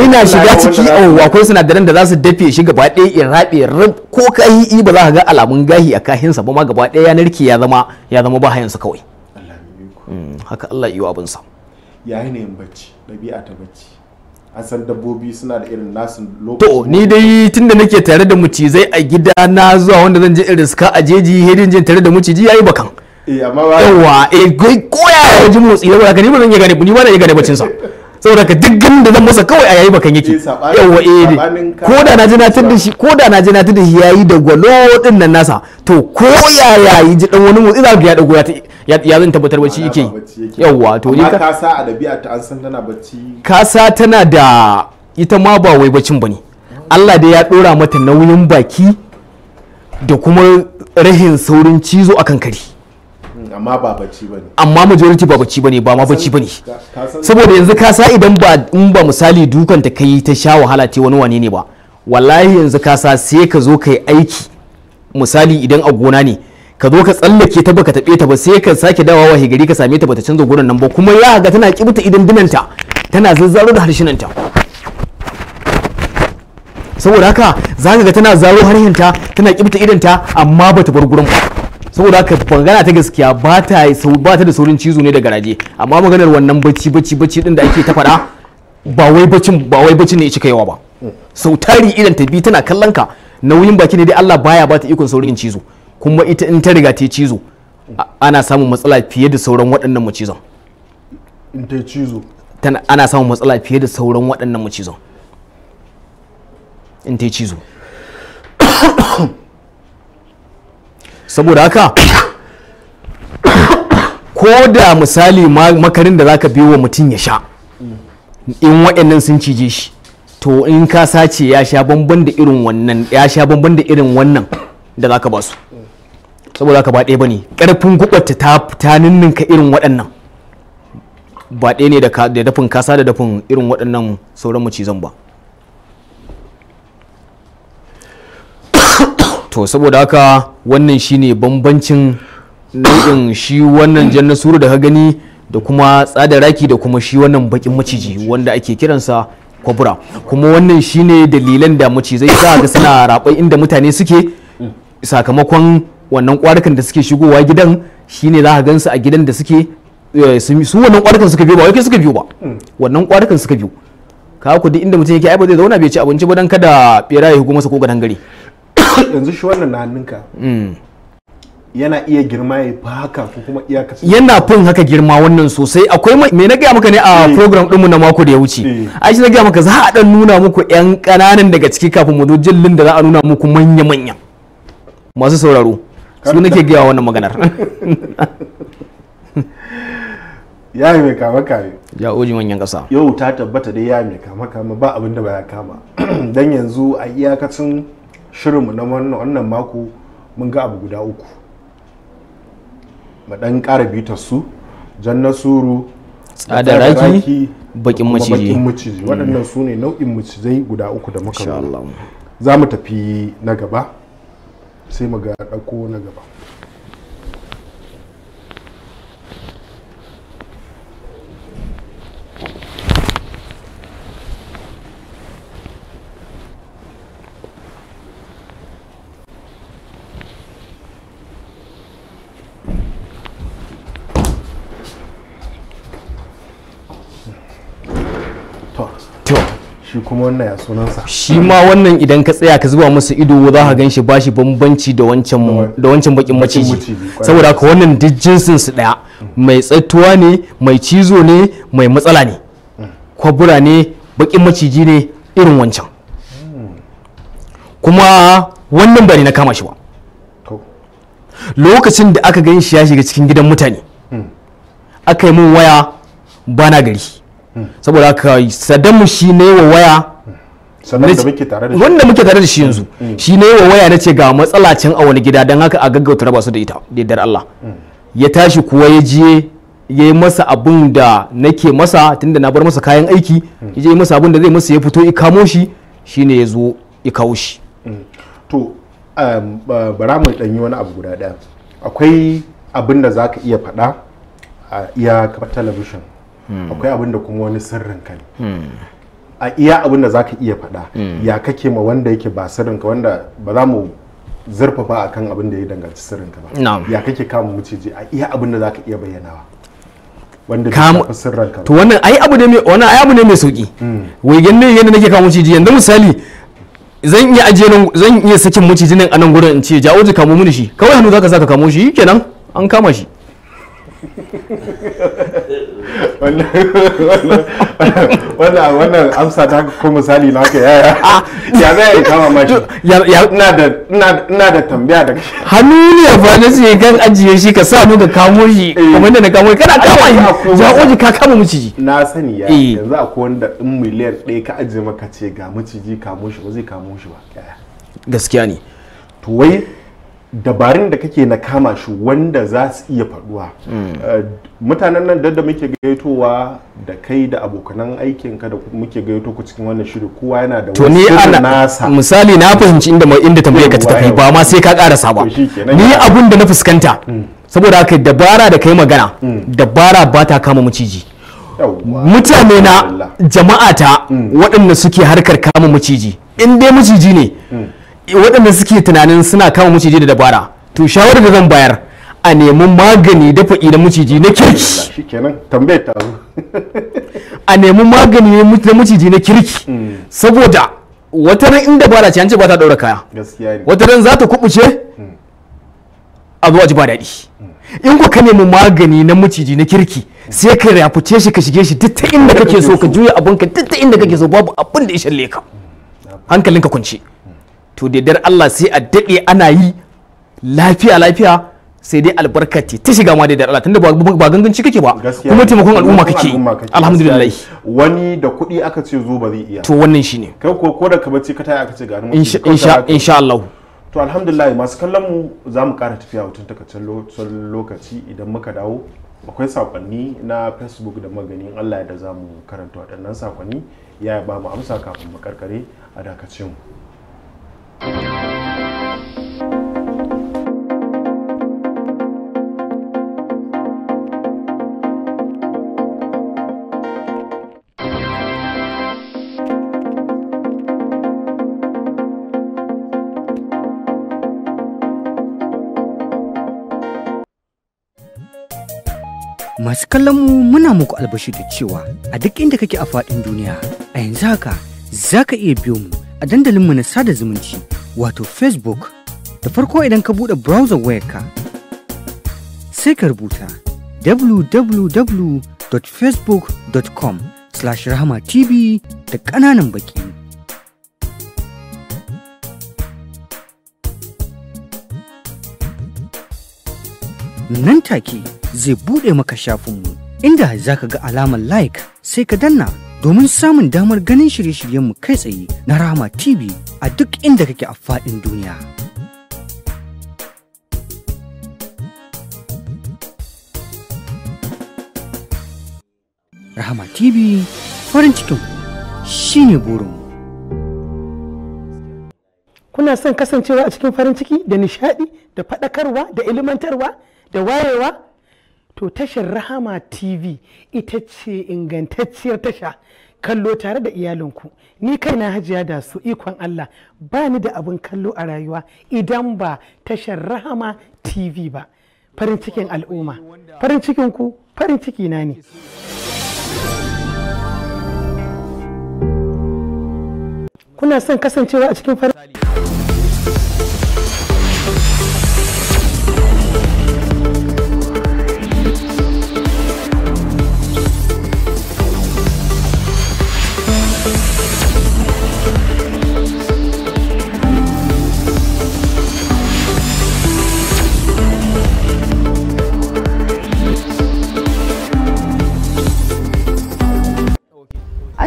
ina shiga ciki yawa akwai sinadaran da za su dafe shi gaba ɗaya in rabe rub ko kai ba za ka ga alamun gahi a kahinsa ba ma gaba ɗaya ya narke ya zama ya zama ba hayansa kawai haka Allah yi wa abinsa mm, yayi ne bacci dabi'a ta bacci an san dabbobi suna da irin nasu lokaci to ni dai tunda nake tare da mucizai a gida na zuwa wanda zan je irin suka a jeji hedin jin tare da muciji yayi bakan eh amma ba yawa eh koya ya ji motsi da ka ni ba zan iya gane ni ba zan iya gane bacin sa saboda ka duk ganin da zan masa kawai a yayi bakan yake eh, yawa eh ne ko da na ji na tunda shi ko da na ji na tunda shi yayi da gwalo din nan nasa to ko ya yayi ji dan wani motsi za ka ya dago ya ya zan tabbatar bacci yake yawa to ni ka ka sa a dabi'a ta an san tana bacci ka sa tana da ita ma ba wai baccin bane Allah dai ya dora mata nauyin baki da kuma rahin saurin cizo akan kari amma ba bacci bane amma majority ba bacci bane ba ma bane saboda yanzu ka sa idan ba in ba misali dukan ta kai ta sha wahala te wani wane ne ba wallahi yanzu ka sa sai ka zo kai aiki misali idan a gona ne ka zo ka tsallake ta baka taɓe ta ba sai ka sake dawowa wahi gari ka same ta bata canza gonan nan ba kuma ya ga tana kibuta idan dinanta tana zazzaro da ta saboda haka za ga tana zaro harshenta tana kibta idanta amma bata bar gurin ba saboda haka magana ta gaskiya ba ta ba ta da saurin cizo ne da garaje amma maganar wannan bacci bacci bacci din da ake ta faɗa ba wai bacci ba wai bacin ne cika yawa ba sau tari idan ta bi tana kallon ka nauyin baki ne dai Allah baya ba ta ikon saurin cizo kuma ita in ta riga ta cizo ana samun matsala fiye da sauran waɗannan macizan in ta cizo ana samun matsala fiye da sauran waɗannan macizan in ta cizo saboda haka ko da misali makarin da zaka biyo wa mutum ya sha in waɗannan sun cije shi to in ka sace ya sha bamban da irin wannan ya sha bamban da irin wannan da zaka ba su saboda haka ba ɗaya bane ƙarfin gubata ta ta ninninka irin waɗannan ba ɗaya ne da dafin kasa da dafin irin waɗannan sauran zan ba to saboda haka wannan shine bambancin nau'in shi wannan jan nasuru da ka gani da kuma tsada raki da kuma shi wannan bakin maciji wanda ake kiransa kwabura kuma wannan shine dalilan da macizai za ga suna raɓai inda mutane suke sakamakon wannan kwarukan da suke shigowa gidan shine za ka gansu a gidan da suke eh, su wannan kwarukan suka biyo ba wai suka biyo ba wannan kwarukan suka biyo ka ku duk inda mutum yake ai ba zai zauna bai ci abinci ba dan kada ɓera ya hukumar sa ko gadan gari yanzu shi wannan na hannunka mm. yana iya girma ya fi haka ko kuma iyakacin yana fin haka girma wannan sosai akwai me na gaya maka ne a eh. program ɗinmu na mako da ya wuce eh. a shi na gaya maka za a ɗan nuna muku yan ƙananan daga ciki kafin mu zo jillin da za a nuna muku manya-manya masu sauraro su nake gaya wannan maganar ya mai kama kame ya oji manyan ƙasa yau ta tabbata dai ya mai kama kama ba abin da ba ya kama dan yanzu a iyakacin shirin mu na wannan mako mun ga abu guda uku mu dan ƙara bitar su jannasuru nasuru bakin maciji waɗannan su ne nau'in macizai guda uku da muka za mu tafi na gaba sai mu ga ɗauko na gaba shi kuma wannan ya sunansa shi ma wannan idan ka tsaya ka zuba masa ido za ka gan shi ba shi bambanci da wancan bakin maciji saboda haka wannan duk jinsin su daya mai tsattuwa ne mai cizo ne mai matsala ne kwabura ne bakin maciji ne irin wancan kuma wannan bari na kama shi ba lokacin da aka gan shi ya shiga cikin gidan mutane hmm. aka yi min waya bana gari saboda haka sadamu shi ne wa waya wanda muke tare da shi yanzu mm, mm. shi ne wa waya na ce ga matsala can a wani gida don haka a gaggauta raba su da ita da Allah mm. ya tashi kuwa ya je ya yi masa abun da nake masa tunda na bar masa kayan aiki ya je masa abun da zai masa ya fito ya kamo shi shine ya zo ya kawo shi to um, bara mu danyi wani abu guda daya akwai abin zaka iya faɗa a iya kafa talabishin Hmm. akwai abin da kuma wani sirrin ka ne hmm. a iya abin da zaka iya faɗa hmm. ya kake ma wanda yake ba sirrin ka wanda ba za mu zurfafa akan abin da ya danganci sirrin ka ba ya kake kama muciji a iya abin da zaka iya bayyanawa wanda ka sirrin ka to wannan ai abu ne wannan ai abu ne mai sauki wai ganne yadda nake kama muciji yanzu misali zan iya nan zan iya sakin muciji nan a nan gurin in ce jawo ji kamo mini shi kawai hannu zaka ka kamo shi kenan an kama shi wannan amsa ta ko misali na ka yaya ya zai yi kama mashi ina da tambaya da hannu ne ba na ce kan ajiye shi ka sa mu ka kamo shi eh. kamar da na kamo shi kana kama shi ya oji ka kama miciji na sani ya eh. yanzu akwai wanda in miliyan ɗaya ka ajiye maka ce ga miciji kamo shi ba zai kamo shi ba gaskiya ne to wai dabarun da kake na kama shi wanda za su iya faduwa hmm. eh, mutanen nan da muke gaitowa da kai da abokanan aikinka da muke gaito ku cikin wannan shiri kowa yana da to ni nasa misali na fahimci inda mai inda tambayar ka ta tafi ba ma sai ka karasa ba ni abun da na fuskanta hmm. saboda haka dabara da kai magana hmm. dabara ba ta kama maciji mutane na jama'ata waɗanda suke harkar kama maciji in dai maciji ne waɗanda suke tunanin suna kama maciji da dabara to shawarar da zan bayar a nemi magani da faɗi da maciji na kirki a nemi magani na maciji na kirki mm. saboda wata ran inda ba ce an ce ba ta daura kaya wata ran za ta kubuce mm. a zuwa ji ba daɗi mm. in ku ka nemi magani na maciji na kirki sai ka rafuce shi ka shige shi duk ta inda kake so ka juya abinka duk ta inda kake so babu abin da ya shalle ka hankalinka kwance to da Allah sai a daɗe ana yi lafiya lafiya sai dai albarkati ta shiga ma daidar Allah tunda ba ganganci kake ba kuma taimakon al'umma kake alhamdulillah wani da kuɗi aka ce zo ba zai iya to wannan shine kai ko ko da ka bace ka taya aka ce ga insha insha Allah to alhamdulillah masu kallon mu za mu ƙara tafiya hutun takaccen lokaci idan muka dawo akwai sakonni na facebook da maganin Allah da za mu karanta waɗannan sakonni ya ba mu amsa kafin mu karkare a dakacin mu Masu kallon mu muna muku albashi da cewa a duk inda kake a faɗin duniya a yanzu haka za ka iya biyo mu a dandalinmu na sada zumunci wato facebook da farko idan ka buɗe browser wayarka sai ka rubuta www.facebook.com slash rahama tv da ƙananan baki nan take zai buɗe maka shafinmu inda za ka ga alamar like sai ka danna domin samun damar ganin shirye-shiryenmu kai tsaye na Rama TV a duk inda kake a faɗin duniya. Rahama TV farin cikin shi ne Kuna son kasancewa a cikin farin ciki da nishaɗi da faɗakarwa da ilimantarwa da wayewa to tashar rahama tv ita ce ingantacciyar tasha kallo tare da iyalinku ni kaina hajiya da su ikon allah ba ni da abin kallo a rayuwa idan ba tashar rahama tv ba farin cikin al'umma farin cikin farin ciki na ne kuna son kasancewa a cikin farin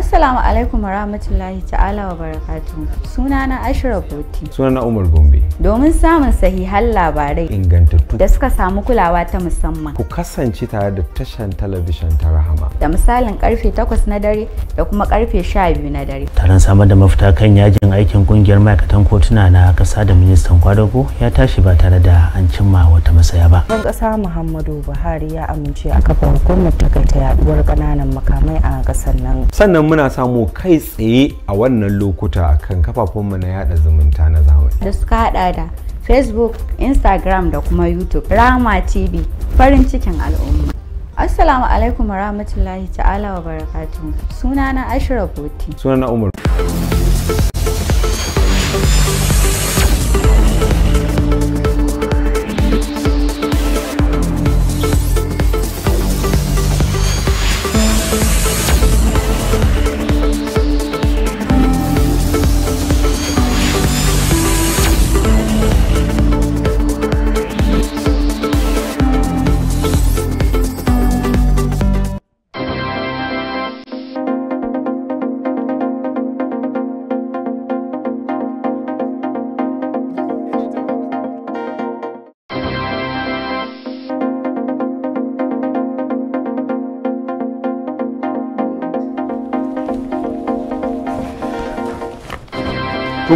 Assalamu alaikum wa rahmatullahi ta'ala wa barakatuhu. Sunana ashraf Boti. na Umar Gombe. Domin samun sahihan labarai ingantattu da suka samu kulawa ta musamman. Ku kasance tare da tashan talabijin ta Rahama. Da misalin karfe 8 na dare da kuma karfe 12 na dare. Taron samar da mafita kan yajin aikin kungiyar ma'aikatan kotuna na kasa da ministan kwadago ya tashi ba tare da an cimma wata masaya ba. Ban kasa Muhammadu Buhari ya amince a kafa hukumar takaita yaduwar ƙananan makamai a ƙasar nan. Sannan muna samu kai tsaye a wannan lokuta kan kafafunmu na yada zumunta na zamani da suka hada da facebook instagram da kuma youtube rama tv farin cikin al'umma assalamu alaikum rahmatullahi ta'ala wa barakatuhu sunana ashraf boti sunana umar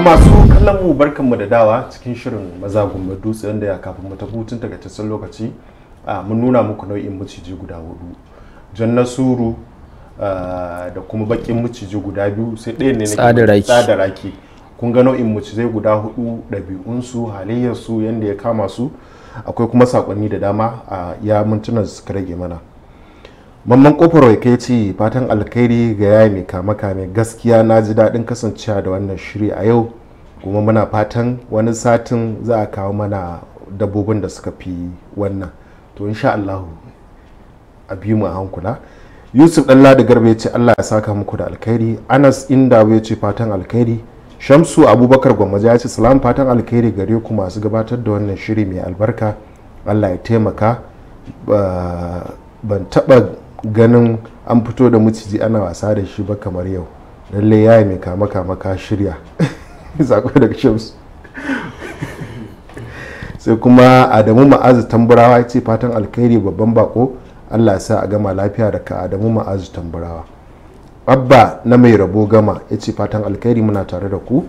masu kallon mu barkan mu da dawa cikin shirin maza guma dutse wanda ya kafin mu tafi ta takaitaccen lokaci mun nuna muku nau'in maciji guda hudu jan nasuru da kuma bakin maciji guda biyu sai ɗaya ne tsada raki kun ga nau'in macizai guda hudu ɗabi'unsu halayyarsu yadda ya kama su akwai kuma sakonni da dama a ya mintunan suka rage mana mamman kofar kai ce fatan alkhairi ga yaya mai kama kame gaskiya na ji daɗin kasancewa da wannan shiri a yau kuma muna fatan wani satin za a kawo mana dabbobin da suka fi wannan to insha Allahu a bi mu a hankula yusuf ladi garba ya ce allah ya saka muku da alkhairi anas inda ya ce fatan alkhairi shamsu abubakar gwamnati ya ce salam fatan alkhairi gare ku masu gabatar da wannan shiri mai albarka allah ya taimaka ban taɓa ganin an fito da maciji ana wasa da shi ba kamar yau lalle ya yi mai kama kama ka shirya sako daga shams sai kuma adamu ma'azu tamburawa ya ce fatan alkhairi babban bako allah sa a gama lafiya da ka adamu ma'azu tamburawa abba na mai rabo gama ya ce fatan alkhairi muna tare da ku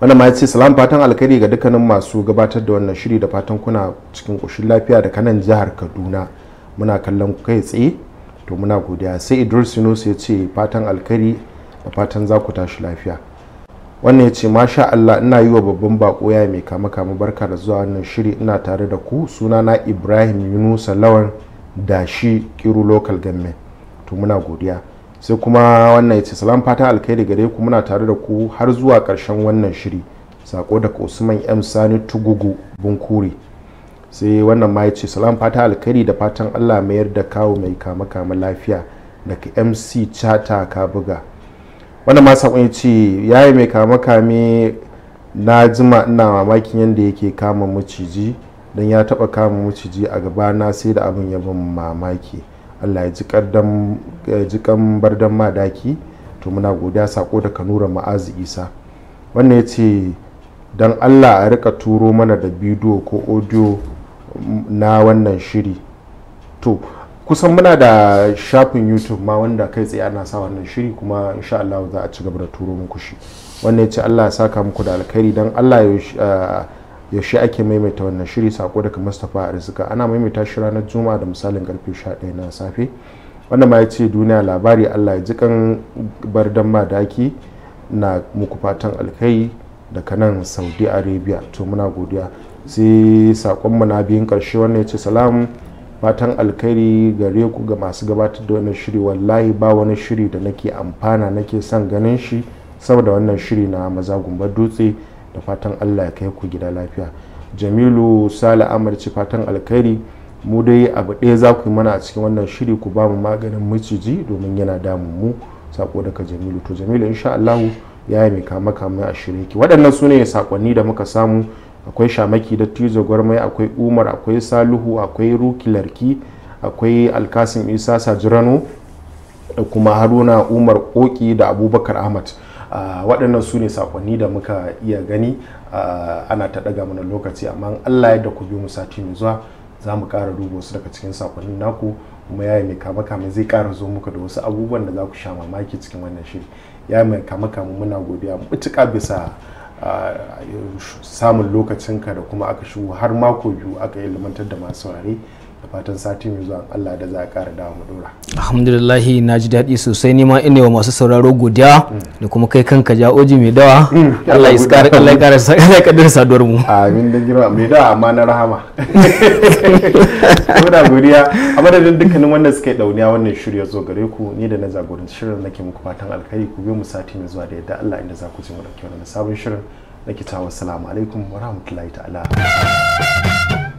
wanda ma ya ce salam fatan alkhairi ga dukkanin masu gabatar da wannan shiri da fatan kuna cikin ƙoshin lafiya da kanan jihar kaduna muna kallon kai tsaye to muna godiya sai idris sinus ya ce fatan alkari da fatan za ku tashi lafiya wannan ya ce masha allah ina yi wa babban bako ya mai kama kama barka da zuwa wannan shiri ina tare da ku suna na ibrahim yunusa lawan da shi kiru local government to muna godiya sai kuma wannan ya ce salam fatan alkhairi gare ku muna tare da ku har zuwa karshen wannan shiri sako daga usman m sani tugugu bunkuri sai wannan ma ya ce salam fata alkhairi da fatan allah mayar da kawo mai kama kama lafiya daga mc chata ka buga wannan ma sakon ya ce yayi mai kama kame na jima ina mamakin yadda yake kama maciji don ya taba kama maciji a gaba na sai da abin ya ban mamaki allah ya ji kan bardan madaki to muna godiya sako da kanura ma'azi isa wannan ya ce don allah a rika turo mana da bidiyo ko audio na wannan shiri to kusan muna da shafin youtube ma wanda kai tsaye ana sa wannan shiri kuma insha Allah za a ci gaba da turo muku shi wanda ya ce Allah ya saka muku da alkhairi don Allah ya shi ake maimaita wannan shiri sako daga Mustapha Arzika ana maimaita shi ranar Juma'a da misalin karfe 11 na safe wanda ma ya ce duniya labari Allah ya ji kan bar ma daki na muku fatan alkhairi daga nan Saudi Arabia to muna godiya sai sakon na biyun karshe wannan ya ce salam fatan alkhairi gare ku ga masu gabatar da wannan shiri wallahi ba wani shiri da nake amfana nake son ganin shi saboda wannan shiri na maza gumbar dutse da fatan allah ya kai ku gida lafiya jamilu sale amurci fatan alkhairi mu dai abu ɗaya za ku yi mana a cikin wannan shiri ku ba mu maganin maciji domin yana damu mu sako daga jamilu to jamilu insha allahu ya yi mai kama kama a shirin ki waɗannan su ne sakonni da muka samu akwai shamaki da tizo gwarmai akwai umar akwai saluhu akwai ruki larki akwai alkasim isa sajirano da kuma haruna umar koki da abubakar ahmad ah, waɗannan su ne sakonni da muka iya gani ah, ana ta ɗaga mana lokaci amma allah yadda ku biyu mu sati mai zuwa za mu ƙara duba wasu daga cikin sakonni naku kuma ya mai kama kama zai ƙara zo muka da wasu abubuwan da za ku sha mamaki cikin wannan shiri ya mai kama kama muna godiya mutuƙa bisa samun lokacinka da kuma aka shigo har mako biyu aka limantar da masu saurare fatan sati mai zuwa Allah da za a kara dawo mu dora alhamdulillah na ji daɗi sosai nima ma ina wa masu sauraro godiya da kuma kai kanka ja oji mai dawa mm, Allah ya ƙara Allah ya ƙara Allah ya saduwar mu amin da girma mai dawa amma na rahama da godiya a madadin dukkanin wanda yi dauniya wannan shirya zo gare ku ni da na jagoranci shirin nake muku fatan alkhairi ku biyo mu sati mai zuwa da yadda Allah inda za ku ji mu dauke wannan sabon shirin nake tawa assalamu alaikum wa rahmatullahi ta'ala